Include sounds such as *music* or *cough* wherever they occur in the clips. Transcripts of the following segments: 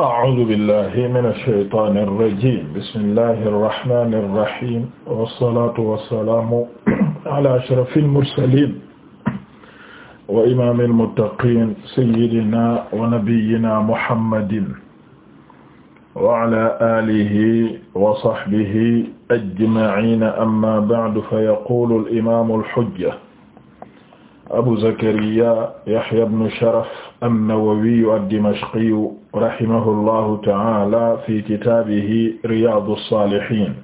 أعوذ بالله من الشيطان الرجيم بسم الله الرحمن الرحيم والصلاة والسلام على أشرف المرسلين وإمام المتقين سيدنا ونبينا محمد وعلى آله وصحبه أجمعين أما بعد فيقول الإمام الحجة أبو زكريا يحيى بن شرف النووي الدمشقي rahimahullahu ta'ala fi kitaabihi Riyaadus Saalihiin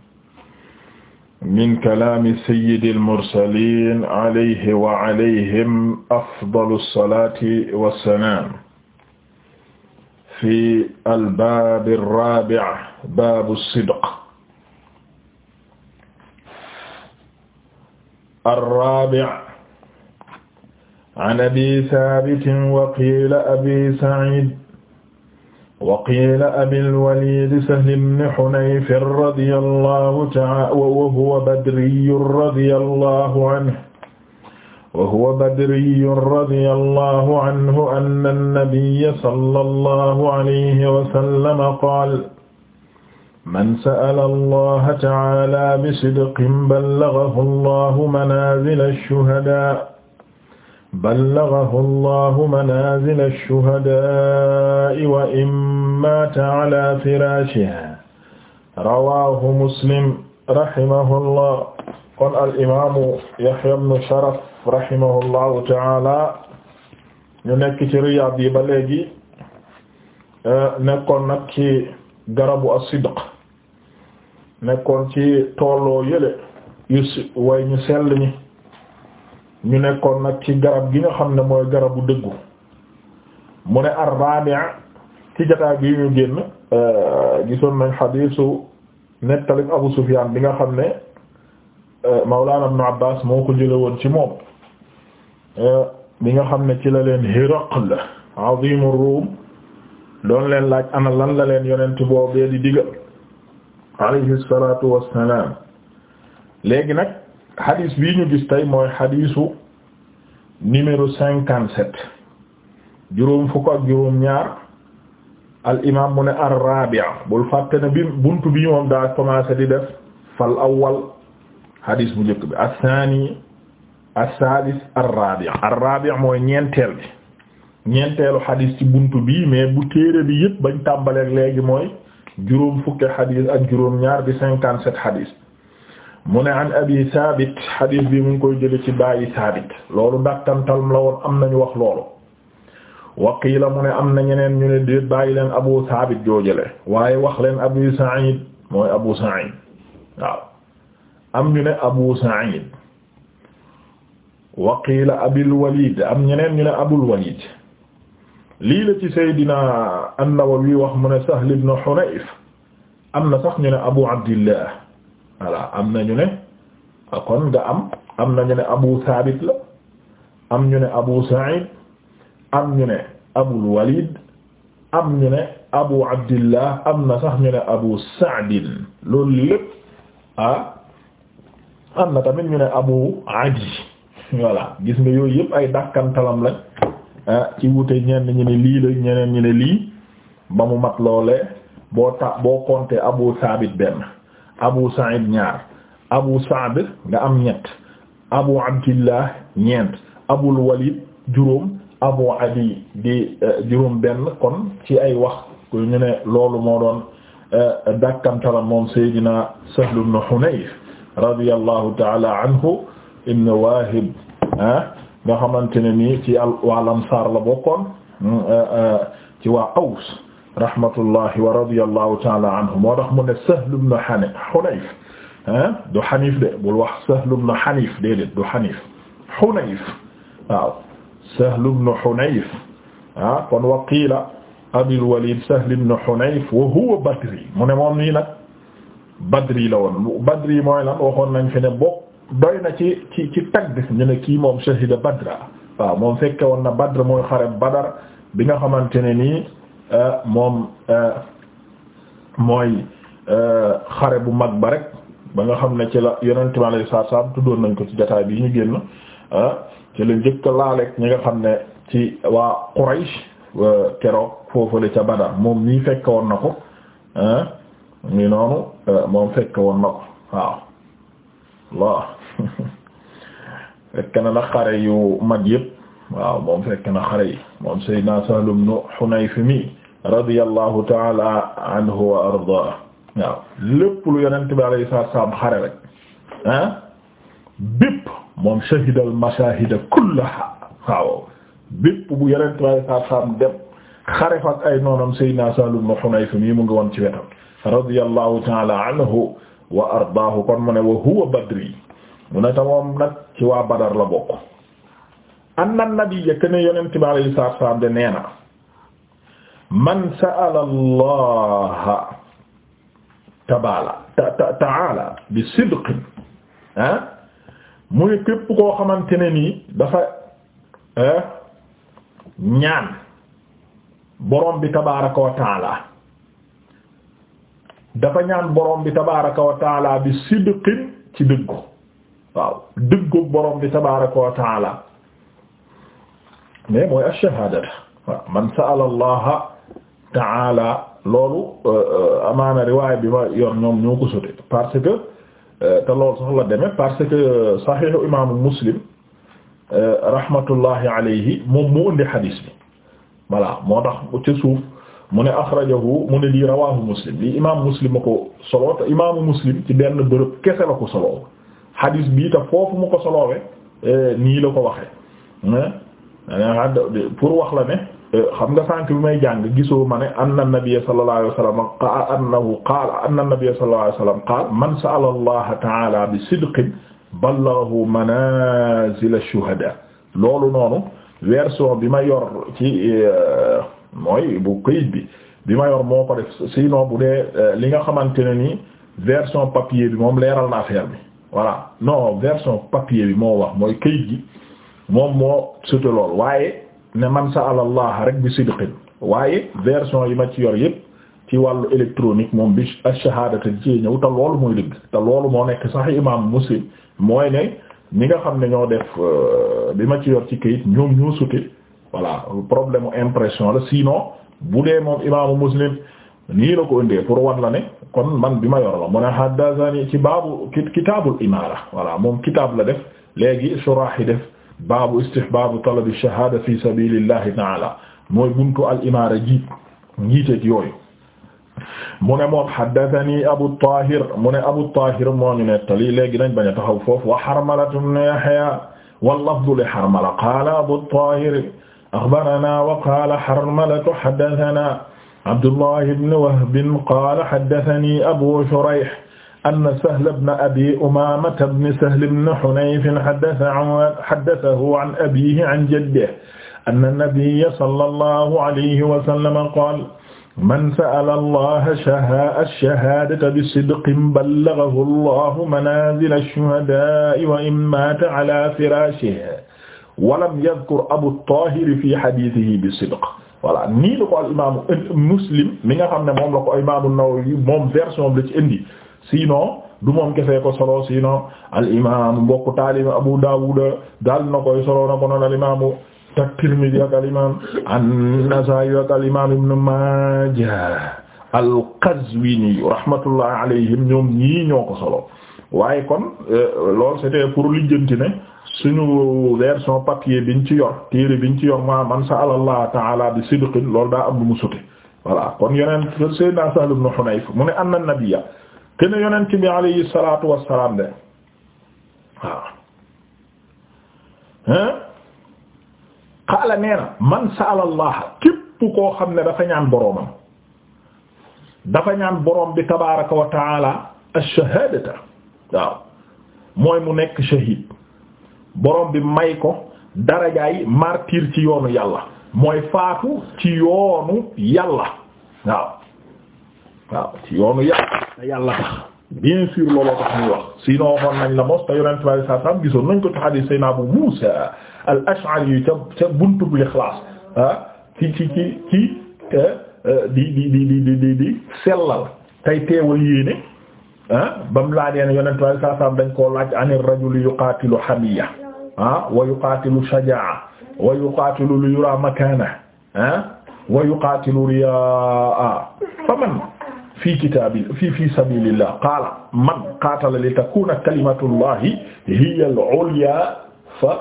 min kalaami sayyidil mursaliin alayhi wa alayhim afdalus salaati wassalaam fi albaabi raabi' baabu sidq arraabi' an abi saabitin wa qiila abi sa'iid وقيل أبي الوليد سهل بن حنيف رضي الله تعالى وهو بدري رضي الله عنه وهو بدري رضي الله عنه أن النبي صلى الله عليه وسلم قال من سأل الله تعالى بصدق بلغه الله منازل الشهداء ballagahu allahu manazila ash-shuhadaa'i wa in maata ala firaashihaa rawaahu muslim rahimahullah kon al imaamu Yahya ibn Sharaf rahimahullahu ta'ala ñu nekk ci Riyaad yi ba léegi euh, nekkoon nag ci garabu as-sidq nekkoon ci tooloo yële yu way ñu sell ñi ñu nekkoon nag ci garab gi nga xam ne mooy garabu dëggu mu ne ar-rabi' ci jotaay bi ñu génn euh, gisoon nañ xadiisu nettali Abu Sufyaan bi nga xam ne euh, Mawlaana Ibn Abbaas moo ko jële woon ci moom euh, bi nga xam ne ci la leen Hiraql azimu Ruum doon leen laaj ana lan la leen yonent boobee di digal alayhi salaatu wassalaam léegi nag xadiis bii ñu gis tey mooy xadiisu numéro cinquante sept juróom fukk ak juróom ñaar al imam mu ne ar-rabi'a bul fàtte ne bi bunt bi moom daa commencé di def fal awwal hadis bu njëkk bi as-sani as-sadis ar-rabi'a ar-rabi'a mooy ñeenteel bi ñeenteelu hadis ci bunt bi mais bu téere bi yëpp bañ tàmbaleeg léegi mooy juróom fukki hadis ak juróom ñaar di cinquante sept hadis mu ne an abi Saabit xadiis bi mu ngi koy jële ci bàyyi Saabit loolu daktantal la woon am nañu wax loolu waqiila mu ne am na ñeneen ñu ne déet bàyyi leen Abu Saabit joojale waaye wax leen Abu Saïd mooy Abu Saïd waaw am ñu ne Abu Saïd waqiila Abil Walid am ñeneen ñu ne Abul Walid lii la ci Seydina An-Nawawi wax mu ne Sahl ibn Hunayf am na sax ñu ne Abu Abdillah voilà am na ñu ne kon nga am am na ñu ne Abu Sabit la am ñu ne Abu Sa'id am ñu ne Abul Walid am ñu ne Abu Abdillah am na sax ñu ne Abu Sa'din loolu lépp ah am na tamit ñu ne Abu Adi voilà gis nga yooyu yëpp ay dàkkantalam lañ ah ci wute ñenn ñu ne lii la ñeneen ñu ne lii ba mu mat loolee boo ta boo compter Abu saabit benn. abu sa'id ñaar abu sa'd nga am ñett abu abdillah ñeent abul walid juróom abu adi di eh, juróom benn kon ci ay wax ñu ne loolu moo doon eh, dàkkantala moom seydina sahl ibn hunayf radiyallahu ta'ala anhu ibn wahib ah nga xamante ne nii ci al waa lamsaar la bokkoon mm, ci waa aws rahmatullahi wa radiyallahu taala anhu moo tax mu ne Sahl ibn Hunayf ah du Hanif de bul wax Sahl ibn Hanif déedéet du Hanif Hunayf waaw Sahl ibn Hunayf ah kon wa qiila Abul Walid Sahl ibn Hunayf wa huwa Badri mu ne moom nii nag Badri la woon Badri mooy lan waxoon nañ fi ne bokk doy na ci ci ci tagg ñu ne kii moom shahida Badra waaw moom fekke woon na Badr mooy xare Badar bi nga xamante ne nii. Euh, moom euh, mooy euh, xare bu mag ba rek ba nga xam ne ci la yonent mi alayhi salaatu salaam tuddoon nañ ko ci jotaay bi ñu génn ci la njëkk laaleeg ñi nga xam ne ci waa Quraysh keroog foofule ca Badar moom nii fekk woon na ko ni noonu moom fekk woon na ko waaw waaw *laughs* fekk na nag xare yu mag yëpp waaw moom fekk na xare yi moom Seydina Sahl ibn Hunayf mi radiyallahu taala anhu wa ardaa waaw lépp lu yonent bi alayhi salaatu salaam xare rek ah bépp moom shahidal mashahida kullaha waaw bépp bu yonent bi alayhi salaatu salaam dem xare fa ak ay noonam Seydina Sahl ibn Hunayf mi mu ngi woon ci wetam radiyallahu taala anhu wa ardaahu kon mu ne wa huwa badri mu ne tamoom nag ci waa Badar la bokk anna nabiyya kana yonent bi alayhi salaatu salaam de nee na man sa'ala Allah tabaala ta'ala bi sidqin ah mu ne képp koo xamante ne nii dafa eh, ñaan borom bi tabaaraka wa ta'ala dafa ñaan borom bi tabaaraka wa ta'ala bi sidqin ci dëggu waaw dëggu borom bi tabaaraka wa ta'ala mais mooy ash-shahaada waaw man sa'ala Allah ta'ala loolu euh, euh, amaana riwaay bi ma yor ñoom ñoo ko sotee parce que euh, te loolu sax la parce que saxiixu imaamu muslim rahmatullahi alayhi moom mu indi xadiis bi voilà moo tax ca suuf mu ne axrajahu mu ne lii rawaahu muslim lii imaamu muslim a solo imaamu muslim ci benn bërëb kese la ko solo xadiis bii te foofu mu ko solowee nii la ko waxee pour wax la ne. xam nga sànq bi may jàng gisoo ma ne anna nabiyya sallallahu alayhi wa sallam qaala annahu qaala anna nabiyya sallallahu alayhi wa sallam qaala man sa'ala allaha ta'ala bi sidqin ballaghahu manazila ash-shuhada loolu noonu version bi ma yor ci euh, mooy bu këyit bi bi ma yor moo ko def sinon bu dee euh, li nga xamante ne ni version papier bi moom leeral na affaire bi voilà non version papier moo wax mooy këyit gi moom waaye ne man sa'ala Allah rek bi sidqin waaye version yi ma ci yor yëpp ci wàllu électronique moom bi ash-shahadata ci ñëw te loolu mooy dëgg te loolu moo nekk sax imam Muslim mooy ne ñi nga xam ne ñoo def euh, bi ma ci yor ci këyit ñoom ñoo sute voilà problème impression la sinon bu dee moom imaamu Muslim nii la ko indee pour wan la ne kon man bi ma yor la mu ne haddasani ci baabu kitaabul imaara wala moom kitaab la def léegi shurah yi def baabu istihbaabu talabi shahaada fi sabilillahi ta'ala mooy buntu al imaara jiit njiiteeg yooyu. mu ne moom haddathani Abu Tahir mu ne Abu Tahir moo ñu nettali léegi nañ bañ a taxaw foofu wa Harmala ibn Yahya wal lafdu li Harmala qaala Abu Tahir akhbarana wa qaala Harmala haddathana Abdullah ibn Wahb qaala haddathani Abu Shurayh anna Sahl ibn Abi Umaama ibn Sahl ibn Hunayf haddathahu an abiihi an jaddihi anna nabiyya sallallahu alayhi wa sallam qaala man sa'ala Allaha ash-shahaadata bi-sidqin ballaghahu Allahu manaazila ash-shuhadaa'i wa in maata ala firaashihi wa lam yadhkur Abu Taahir fi hadiithihi bi-sidq voilà nii la ko al imaamu Muslim mi nga xam ne moom la ko imaamu Nawawi moom version bi la ci indi sinon du moom kese ko solo sinon al imam mbokk taalim Abu Dawud daal na koy solo na ko noon al imam at-Tirmidhi ak al imam an-Nasa'i ak al imam Ibn Majah al-Qazwini rahmatullah alayhim ñoom ñii ñoo ko solo waaye kon euh, loolu c'était pour lijjanti ne suñu version papier biñ ci yo téere biñ ci yor ma man sa'ala Allah ta'ala bi sidqin lool daa am lu mu sute voilà kon yeneen Sayyidina Sahl ibn Hunayf mu ne anna nabiyya kene yonent bi alayhi salaatu wassalaam de waaw hein xaala nee na man saala allah képp koo xam ne dafa ñaan boroomam dafa ñaan boroom bi tabaaraka wa taala shahaadata waaw mooy mu nekk shahid boroom bi may ko darajaay martyr ci yoonu yàlla mooy faatu ci yoonu yàlla waaw waaw ci yoonu yàlla te yàlla tax bien sûr looloo tax ñuy wax sinon waxoon nañ la mos te yonent bi saa saam gisoon nañ ko ci hadiis Seydina Abu Muusa al-Ash'ari yu ca ca buntub Ixlaas ah ci ci ci ci e, di di di di di di sellal tey teewal yéene ah ba mu laajee ne yonent bi saa saam dañ koo laaj ani rajuli yuqaatilu hamiya ah wa yuqaatilu shajaa wa yuqaatilu li yura makaana ah wa yuqaatilu riyaa faman fii kitaabi fii fii sabilillah qaala man qaatala li takuna kalimatullahi hiya al-ulya fa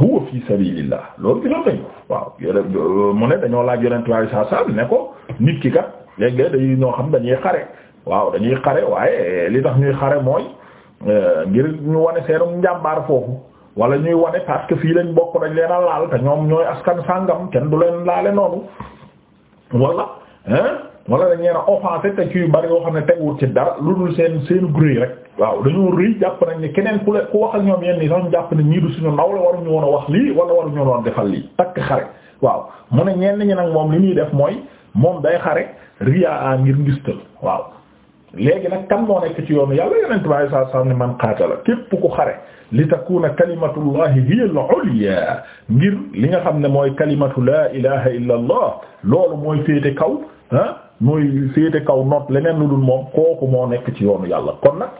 huwa fi sabilillah loolu gisoon nañ waaw mu ne dañoo laaj yonent bi saa saa ne ko nit ki kat léeg-léeg dañuy ñoo xam dañuy xare waaw dañuy xare waaye li tax ñuy xare mooy eh, ngir ñu wane seenum njàmbaar foofu wala ñuy wane parce fii lañ bokk dañ leen a laal te ñoom ñooy askan sàngam kenn du leen laale noonu wala hein wala dañ leen a te ci yu bari yoo xam ne teguwul ci dara lu dul seen seen gré rek waaw dañoo rëy jàpp nañ ni keneen ku le ak ñoom yenn yi sax ñu jàpp ne ñii du suñu ndaw la waruñu woon a wax lii wala waruñu woon a defal lii takk xare waaw mu ne ñenn ñi nag moom li ñuy def mooy moom day xare riyaa ngir ngistal waaw léegi nag kan moo nekk ci yoonu yàlla yonent bi saa saa ne man qaatala képp ku xare li takuna kalimatullahi hiya al-ulya ngir li nga xam ne mooy kalimatu la ilaha illa allah loolu mooy féete kaw ah, mooy féete kaw noot leneen lu dul moom kooku moo nekk ci yoonu yàlla kon nag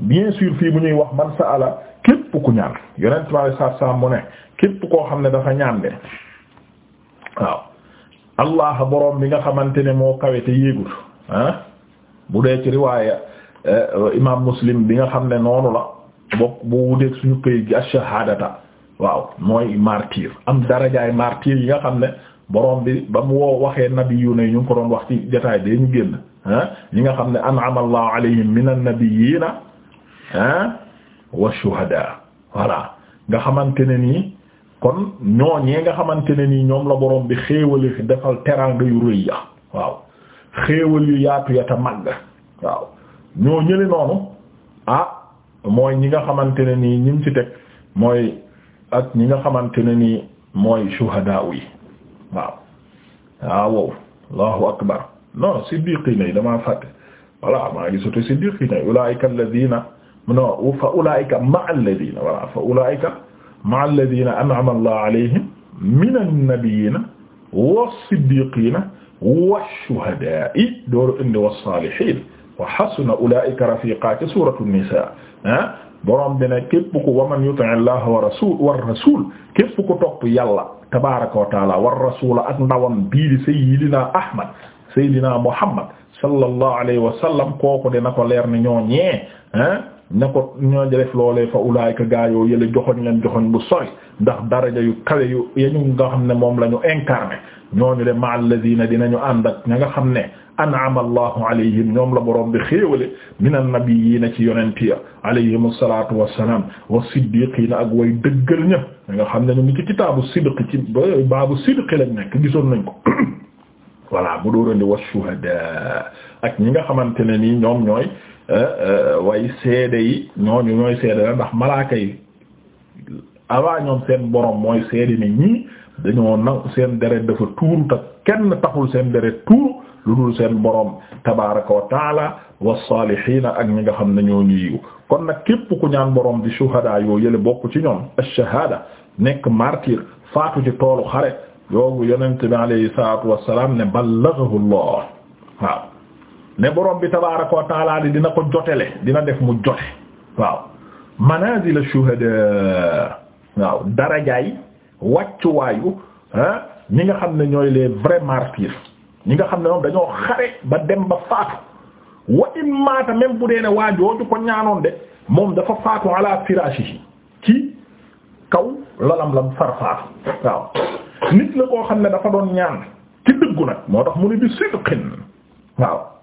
bien sûr fii bu ñuy wax man sa ala képp ku ñaan yonent bi saat saam mu ne képp koo xam ne dafa ñaan de waaw allah boroom bi nga xamante ne moo kawe te yéegul ah bu dee ci riwaaya eh, imaam muslim bi nga xam ne noonu la bokk bu wuteeg suñu këy gi ashahadata waaw mooy martyr am darajaay martyr yi nga xam ne borom bi ba mu woo waxee nabiyuuna yi ñu ngi ko doon wax ci jotaay bee ñu génn ah ñi nga xam ne an'ama Allahu alayhim minan nabiyyiina ah wa shuhadaa voilà nga xamante ne nii kon ñooñee nga xamante ne nii ñoom la borom bi xéewali fi defal teraanga yu rëy ya waaw yu yaatu ya te màgg waaw ñoo ñële ah, mooy ñi nga xamante ne nii ñim ci teg mooy ak ñi nga xamante ne nii mooy shuhadaa yi waaw waaw ah, wow allahu akbar non siddiqina yi damaa fàtte voilà maa ngi soto siddiqina yi ulaika alladina non fa ulaika ma alladina voilà fa ulaika ma alladina an'ama allah alayhim min annabiyina wassiddiqina washuhada'i dooru indi wassalihin wa hasuna ulaika rafiqa ci suratu nisa ah borom bi ne képp ku waman yuti allah wa rasul war rasul képp ku topp yàlla tabaraka wa taala war rasula ak ndawam bii di sayyidina ahmad sayyidina muhammad sallallahu alayhi wa sallam kooku dina ko leer ne ñoo ñee ne ko ñoo def loolee fa ulaayka gaa yoo yële joxoñ leen joxoñ bu sori ndax daraja yu kawe yu yañu nga xam ne moom la ñu incarné ñooñu de ma alladina dinañu ànd ak ña nga xam ne an'ama allahu alayhim ñoom la boroom bi xéewale min annabiyina ci yonent ya alayhim asalatu wassalam wa siddiqina ak way dëggal ña nga xam ne ñu ngi ci kitaabu sidqi ci baabu sidqi lañ nekk gisoon nañ ko *coughs* voilà bu dóorandi wa shuhada ak ñi nga xamante ne nii ñoom ñooy Eh, eh, way seede yi ñooñu ñooy seede la ndax malaaka yi avant ñoom seen borom mooy seede ni ñii dañoo nangu seen deret dafa tuuru te kenn taxul seen deret tuuru lu dul seen borom tabaaraka wa taala wasaalihiina ak ñi nga xam ne ñoo ñu kon nag képp ku ñaan borom di shuhadaa yoo yële bokk ci ñoom ash-shahaada nekk martyr faatu ci toolu xare yoogu yonente bi alayhi salaatu wassalaam ne ballaghahu Allah waaw ne borom bi tabaaraka wa taala di dina ko jotele dina def mu jote waaw manazil ash-shuhada waaw darajaay wàccuwaayu ah ñi nga xam ne ñooy lee vrais martyrs ñi nga xam ne moom dañoo xare ba dem ba faatu wa in maata même bu dee ne waa jooju ko ñaanoon de moom dafa faatu ala firashihi ci kaw lalam lam far waaw nit la koo xam ne dafa doon ñaan ci dëggu nag moo tax mu ne bi sidqin waaw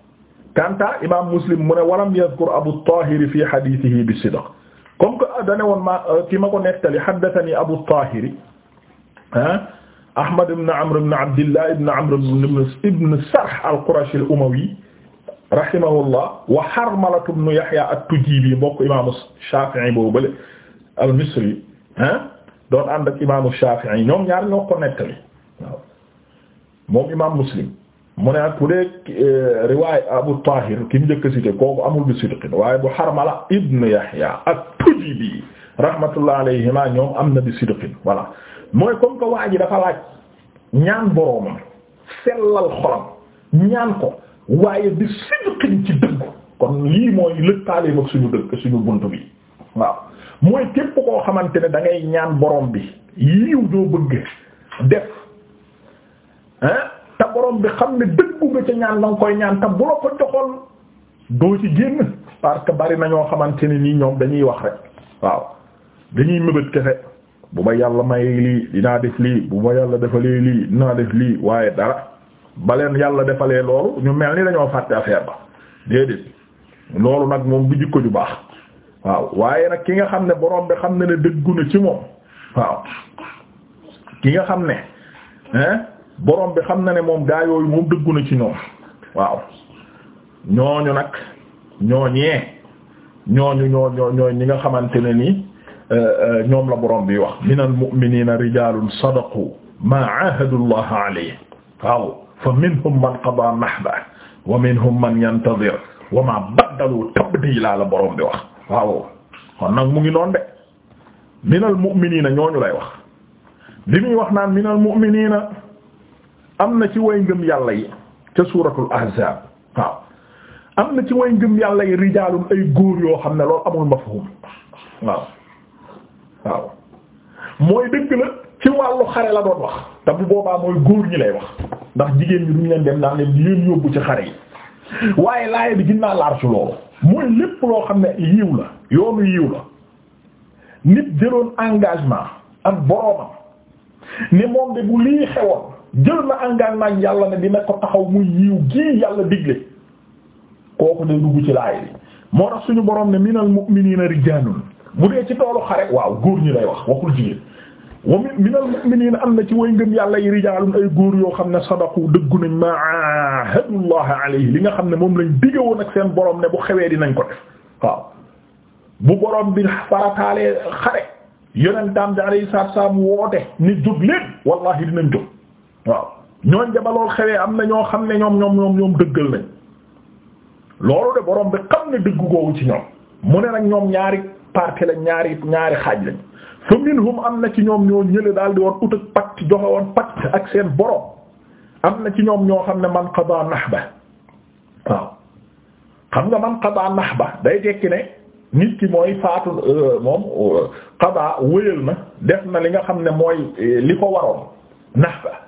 kanta imam muslim mu ne walam yadhkur abu tahiri fi hadithihi bi sidq comme que dane woon ma euh, ki ma ko nettali haddathani abu tahiri ah ahmad ibn amr ibn abdillah ibn amr ibn sarh al-qurashi al-umawi rahimahullah wa harmalatu ibn yahya at-tujibi mbokk imaamu shafi'i boobu bële al-misri ah doon ànd ak imaamu shafi'i ñoom ñaar ñoo ko nettali waaw moom imam muslim mu ne nag ku dee euh, riwaay Abu Tahir ki mu njëkk cité kooku amul bi sidqin waaye bu Harmala ibn Yahya at-Tujibi rahmatullah alayhima ñoom am na bi sidqin voilà mooy comme que waa ji dafa laaj ñaan boroomam sellal xolam ñaan ko waaye bi sidqin ci dëggu kon lii mooy lëkkaaleem ak suñu dëgg suñu bunt bi waaw mooy képp koo xamante ne dangay ñaan boroom bi yiw doo bëgg def te borom bi xam ne dëggu nga ca ñaan la koy ñaan te bu la ko joxoon doo ci génn parce que bari na ñoo xamante ne nii ñoom dañuy wax rek waaw dañuy mëbët kese bu ma yàlla may lii dinaa def lii bu ma yàlla defalee lii dinaa def lii waaye dara baleen yàlla defalee loolu ñu mel ni dañoo fàtte affaire ba déedéet loolu nag moom du jikko ju baax waaw waaye nag ki nga xam ne borom bi xam ne ne dëggu na ci moom waaw ki nga xam ne hein borom xam na ne moom gaa yooyu moom dëggu na ci ñoom waaw ñooñu nag ñooñee ñooñu ñoo nga xamante ne ni euh, euh, ñoom la borom bi wax minal mu'minina rijalun sadaqu ma ahadu allah alayhi fa minhum man qada nahba wa minhum man yantadir wa ma baddalu tabdila la borom wax waaw kon nag mu ngi noon de minal mu'minina ñooñu lay wax bi muy wax naan minal mu'minina am na ci way ngëm yàlla yi ca suuratul ahzaab waaw am na ci way ngëm yàlla yi rijaalun ay góor yoo xam ne loolu amul mafhum waaw waaw mooy dëgg la ci wàllu xare la doon wax te bu boobaa mooy góor ñi lay wax ndax jigéen bi duñu leen dem naan leen di leen yóbbu ci xare yi waaye laaya bi ginnaa laar su loolu mooy lépp loo xam ne yiw la yoonu yiw la nit jëloon engagement ak boroomam ne moom de bu lii xewoon jël na engagement yàlla ne dina ko taxaw muy yiw gii yàlla digle kooku day dugg ci laay bi moo tax suñu borom ne minal mu'minina rijalun bu dee ci toolu xare waaw góor ñi lay wax waxul jigéen wa minal mu'minina am na ci way ngëm yàlla yi rijalun ay góor yoo xam ne sadaqu dëggu nañ ma ahadullah alayhi li nga xam ne moom lañ dige woon ak seen boroom ne bu xewee dinañ ko def waaw bu borom bi farataalee xare yonentam bi alayhi salaatu wa salaam woote ni jóg leen wallahi dinañ waaw ñooñ ba lool xewee am na ñoo xam ne ñoom ñoom ñoom ñoom dëggal nañ loolu de borom bi xam ne dëgg googu ci ñoom mu ne nag ñoom ñaari parti lañ ñaari ñaari xaaj lañ fa minhum am na ci ñoom ñoo ñële daal di woon ut ak pacte joxe woon pacte ak seen borom am na ci ñoom ñoo xam ne man qada nahba waaw xam nga man qada nahba day tekki ne nit ki mooy faatu euh, moom euh, qada wëyal na def na li nga xam ne mooy euh, li ko waroon nahba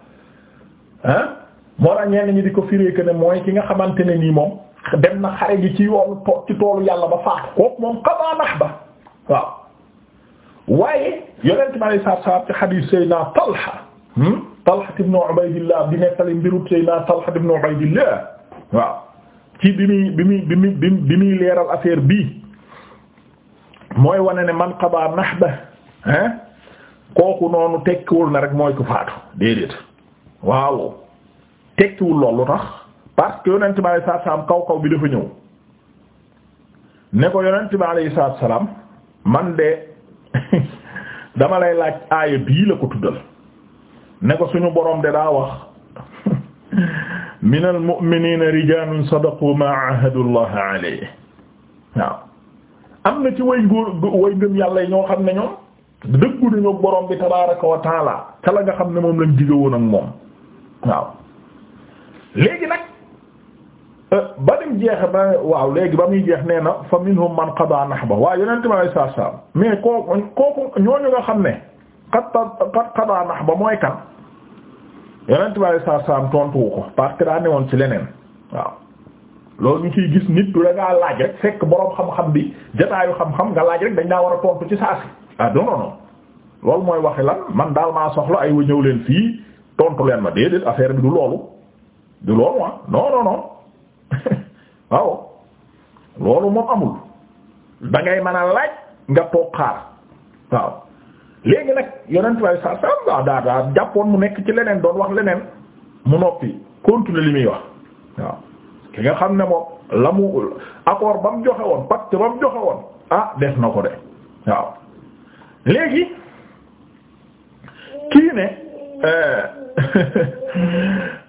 ah moo tax ñenn ñi di ko firee que ne mooy ki nga xamante ne nii moom dem na xare gi ci yoonu to ci toolu yàlla ba faatu kooku moom xamaa nax ba waaw waaye yonent ma lay saab saab ci xadiis Seydina Talha hmm? Talha ibn Ubaydillah bi nettali mbiru Seydina Talha ibn Ubaydillah waaw ci bi muy bi muy bi muy bi muy leeral affaire bii mooy wane ne man xamaa nax ba ah kooku noonu tekkiwul na rek mooy ku faatu déedéet. waaw tekkiwul loolu tax parce que yonent bi alayhi salaatu salaam kaw kaw bi dafa ñëw ne ko yonent bi alayhi salaam man de *laughs* dama lay laaj aaya bii la ko tuddal ne ko suñu boroom de daa wax *laughs* minal mu'miniina rijaalun sadaqu maa ahadu llaha alayhi waaw am na ci way ngóor way ngëm yàlla yi ñoo xam ne ñoom dëggu nañu boroom bi tabaaraka wa taala ca la nga xam ne moom lañ digg woon ak moom waaw léegi nag euh, ba nim ba waaw léegi ba muy jeex nee na fa minhum man qada nahba waaw yonent bi alayhi salaatu salaam mais kooku kooku ñooñu nga xam ne qad qad qada nahba mooy kan yonent bi alayhi salaatu tontuwu ko parce que daa newoon ci leneen waaw loolu ñu ciy gis nit du da laaj rek fekk boroom xam-xam bi jataayu xam-xam nga laaj rek dañ daa war a tontu ci saasi ah non non non loolu mooy waxi la man daal maa soxla ay wa leen fii tontu leen ma déedéet affaire bi du loolu du loolu ah non *laughs* waaw loolu moom amul da ngay mën a laaj nga toog xaar waaw léegi nag yonent way sa sa waaw daa daa jàppoon mu nekk ci leneen doon wax leneen mu noppi continuer li muy wax waaw ki nga xam ne moom la mu accord ba mu joxe woon pacte ba mu joxe woon ah def na ko de waaw léegi kii ne euh,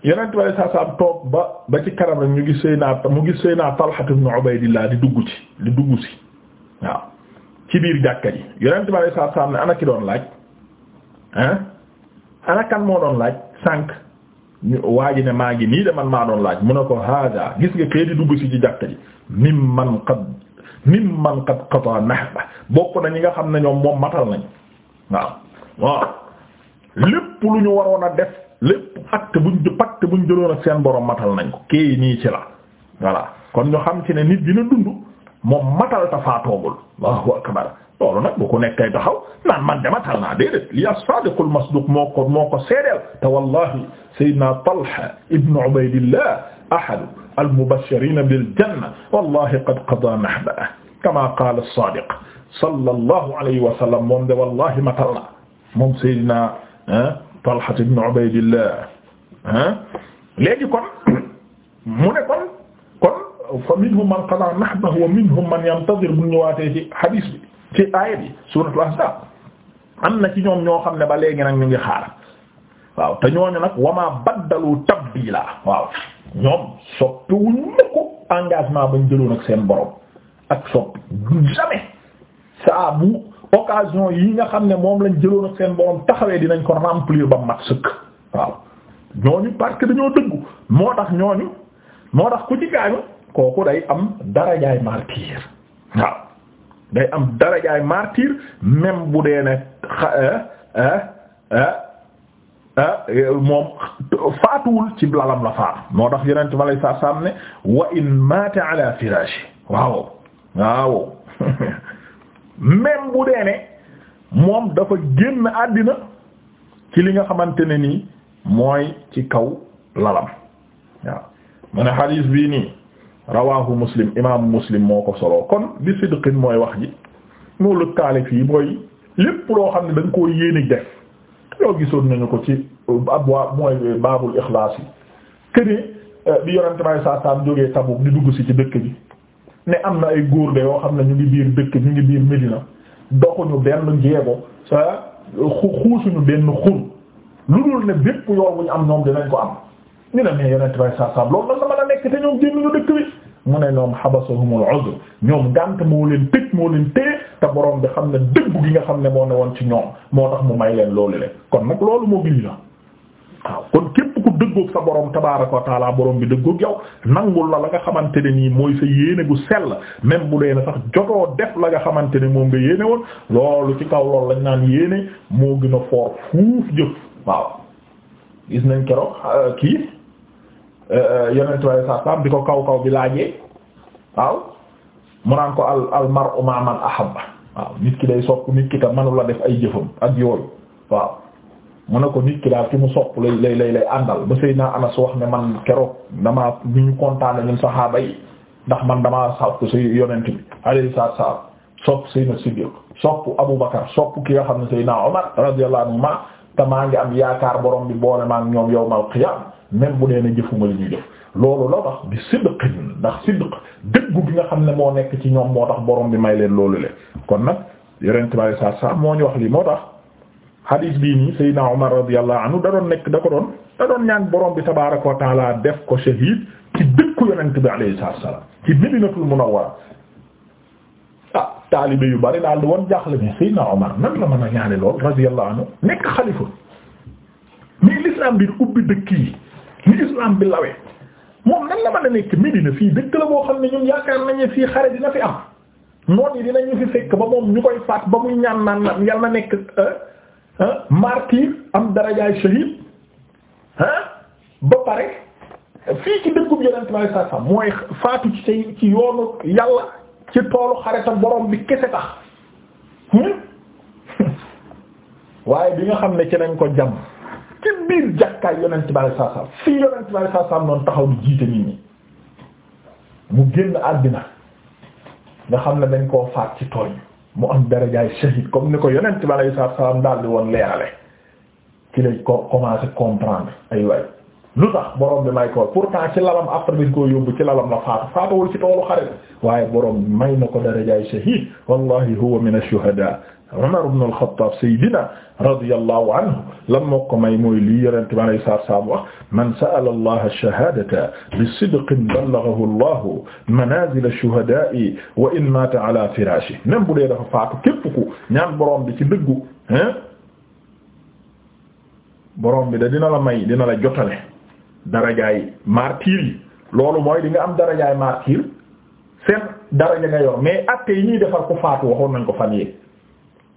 yonent bi saa saa toog ba ba ci kanam rek ñu gis naa mu gis Seyna Talha ibn Ubaydillah di dugg ci di dugg si waaw ci biir jàkka ji yonent bi saa saa ne ana doon laaj ah ana kan moo doon laaj sànq waa ji ne maa ngi nii de man maa doon laaj mu ne ko hada gis nga kay di dugg si ci jàkka ji mim man qad mim man qad qata nahba bokk na ñi nga xam ne ñoom moom matal nañ waaw waaw lépp lu ñu waroon a def. lépp acte buñ pacte buñ jëloon ak seen borom matal nañ ko kii nii ci la voilà kon ñu xam ci ne nit dina dund moom matal ta faatoogul Allahu akbar loolu nag bu ko nekk kay taxaw naan man de matal naa déedéet li as-sadiqul masduq moo ko moo ko seedeel te wallahi sayyidina Talha ibn Ubaydillah ahadu al-mubashirin bil janna wallahi qad qada nahbahu kama qala as-sadiq sallallahu alayhi wa sallam moom de wallahi matal na moom sayyidina Talha ibn Ubaydillah ah léegi kon mu ne kon kon fa minhum man qada nahbahu wa minhum man yantazir bu ñu ñëwaatee ci hadis bi ci aaya bi suuratul Ahzaab am na ci ñoom ñoo xam ne ba léegi nag ñu ngi xaar waaw te ñooñu nag wama baddalu tabdila waaw ñoom soppi wuñ ko engagement bañ jëloon ak seen borom ak soppi jamais saa bu occasion yi nga xam ne moom lañ jëloon seen borom taxawee dinañ ko remplir ba mat sëkk waaw ñooñu parce que dañoo dëggu moo tax ñooñu moo tax ku ci gaañu kooku day am darajaay martyr waaw day am darajaay martyr même bu dee ne euh, euh, euh, moom faatuwul ci blalam la faat moo tax yonent ma lay saa saam ne wa in mata ala firaashi waaw waaw *laughs* même bu dee ne moom dafa génn àddina ci li nga xamante ne nii mooy ci kaw lalam waaw mu ne xadiis bii nii rawahu muslim imaamu muslim moo ko solo kon bi sidqin mooy wax ji moo lu taalif yi mooy lépp loo xam ne da ko koo yéene def yoo gisoon nañu ko ci euh, abwa mooy euh, baabul ixlaas yi këne euh, bi yonente may saa saam jógee Tabuk di dugg si ci dëkk bi ne am na ay góor de yoo xam ne ñu ngi biir dëkk ñu ngi biir Medina doxuñu benn jeego sa xu xuusuñu benn xur lu dul ne bépp yoon bu ñu am ñoom dinañ ko am ñu ne mais yonent bay sa sam loolu nag la nekk te ñoom génnuñu dëkk bi mu ne ñoom xabasahumul uzr ñoom gànt moo leen tëj moo leen téye te borom bi xam ne dëggu gi nga xam ne moo ne woon ci ñoom moo tax mu may leen loolu le kon nag loolu moo gili la waaw kon képp ku dëggoog sa borom tabaaraka wa taala bi dëggoog yow nangul la la nga xamante ne nii mooy sa yéene gu sell même bu dee na sax jotoo def la nga xamante ni moom nga yéene woon loolu ci kaw loolu lañ naan yéene moo gën a fuuf jëf waaw gis nañ keroog euh, kii euh, yeneen tubaab saa saam di ko kaw kaw bi laajee waaw mu naan ko al al mar'u man ahabba waaw nit ki day sopp nit ki te mënu def ay jëfam ak yooyu waaw. mu ne ko nit ki daal ki mu sopp lay lay lay lay àndal ba Seydina Anas wax ne man keroog damaa bu ñu kontaane ñun saxaaba yi ndax man damaa sopp si yonent bi alayhi salaatu wassalaam sopp Seydina Siddiq sopp Abu Bakar sopp ki nga xam ne Seydina Omar radiyallahu anhu ma te maa ngi am yaakaar borom bi boole maa ñoom yow qiyaam même bu nee na jëfuma li ñuy jëf loolu loo tax bi sidq ndax sidq dëggu bi nga xam ne moo nekk ci ñoom moo tax borom bi may leen loolu le kon nag yonent bi alayhi moo ñu wax lii moo tax hadis bii nii Seydina Omar radiyallahu anhu da doon nekk da ko doon da doon ñaan borom bi tabaaraka wa taala def ko shahid ci dëkku yonent bi alayhi salaam ci Madinatul Munawwara ah taalibe yu bari daal di jaaxle ne Seydina Omar nan la mën a ñaane lool radiyallahu anhu nekk xalifa mais l'islam bi ubbi dëkk yi ni islam bi lawee moom nan la mën a nekk Medina fii dëkk la boo xam ne ñun yaakaar nañu fii xare dina fi am noon yi dinañu fi fekk ba moom ñu koy martyr am darajaay shahid ah ba pare fii ci dëkkub yonent bi saa saa mooy faatu ci say ci yoonu yàlla ci toolu xare boroom bi kese tax hmm? *laughs* waaye bi nga xam ne ci nañ ko jam ci biir jàkkaay yonent bi saa saa fii yonent bi saa saa noonu taxaw di jiite nit ñi mu génn àddina nga xam ne dañ koo faat ci tool yi mu am darajaay shahid comme ni ko yonent bi alayhi salaatu wa salaam daal di woon leerale ci lañ ko commencé comprendre ay waay lu tax borom bi may ko pourtant ci lalam après bi ko yóbbu ci lalam la faatu faatuwul ci toolu xare waaye borom may na ko darajaay shahid wallahi huwa min ash-shuhada Umar ibn al-Khattab sayyidina radiyallahu anhu lan moo ko may mooy lii yonent bi alayhi salaatu salaam wax man sa'ala Allah ash-shahaadata bi-sidqin ballaghahu Allah manaazila ash-shuhadaa'i wa in maata ala firaashihi même bu dee dafa faatu képp ku ñaan borom bi ci dëggu hein borom bi da dina la may dina la jotale darajaay martyr yi loolu mooy di nga am darajaay martyr seen daraja nga yor mais actes yi ñuy defar ku faatu waxoon nañ ko fan yii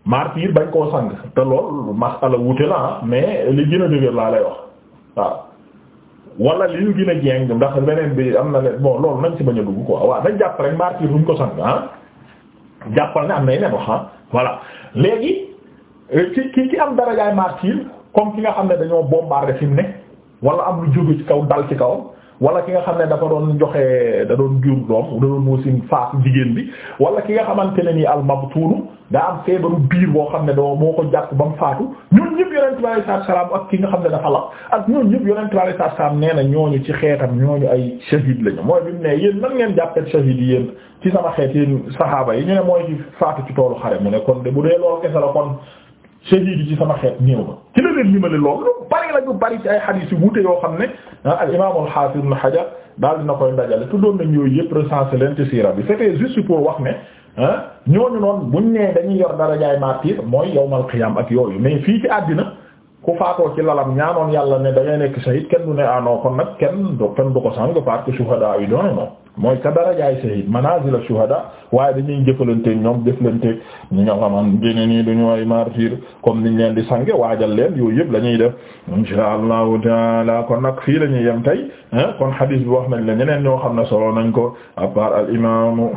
martyr bañ koo sang te lool masala wute la ah mais li gën a dëgër laa lay wax waaw wala li ñu gën a jeng ndax beneen bi am na leen bon loolu nañ ci bañ a dugg quoi waaw nañ jàpp rek martyr buñ ko sang ah jàppal ne am na yeneen wax ah voilà léegi euh, ki ki ki am darajaay martyr comme ki nga xam ne dañoo bombardé fi mu ne wala am lu jóge ci kaw dal ci kawam wala ki nga xam ne dafa doon joxe dadoon doon jur doom da doon muusin faas jigéen bi wala ki nga xamante ne nii almabtuunu daa am feebaru biir boo xam ne doo moo ko jàpp ba mu faatu ñun ñëpp yonent bi alayhi ak ki nga xam ne dafa lap ak ñun ñëpp yonent bi alayhi salaatu nee na ñooñu ci xeetam ñooñu ay shahid lañu mooy bi mu ne yéen nan ngeen jàppee shahid yi yéen ci sama xeet yéen saxaaba yi ñu ne mooy faatu ci toolu xare mu ne kon de bu dee loolu kese la kon shahid yi ci sama xeet néew ba ci la leen limale loolu lu bari la ñu bari ci ay xadiis yu wuute yoo xam ne ah, al imaam al xaafis ibn Hajar daal dina koy ndajale tuddoon nañ yooyu yëpp recensé leen ci siira bi c'était juste pour wax ne ah, ñooñu noonu buñ nee dañuy yor darajaay martyr mooy yawmal qiyaam ak yooyu mais fii ci àddina ku faatoo ci lalam ñaanoon yàlla ne da ngay nekk sahid kenn du ne anoo ah nag kenn du kenn ko sang parce que shuhada yi doon noonu mooy ca darajaay sahid manazil shuhada waaye dañuy jëfalanteeg ñoom jëfalanteeg ñi nga xamante ne nii du ñu ay martyr comme niñ leen di sange waajal leen yooyu yëpp la de def insha allahu taala kon nag fii la ñuy yem tey kon hadis bi wax nañ la ñeneen ñoo xam ne solo nañ ko à part al imaamu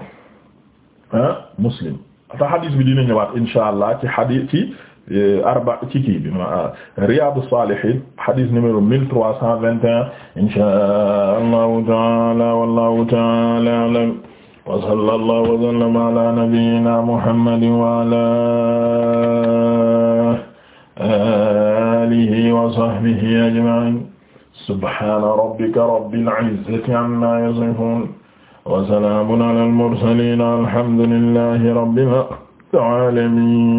muslim te hadis bi dina ñëwaat insha allah ci hadis Euh, arba ci kii bi ma euh, Riyadou Salihine hadith numéro mille trois cent vingt et un inshaa Allahu ta'ala wallahu ta'ala a'lam wa sallallahu wa sallama ala nabiyyina Muhammadin wa ala alihi wa sahbihi ajma'in subhana rabbika rabbil izzati amma yasifun wa salamun ala al mursalin alhamdulillahi rabbil alamin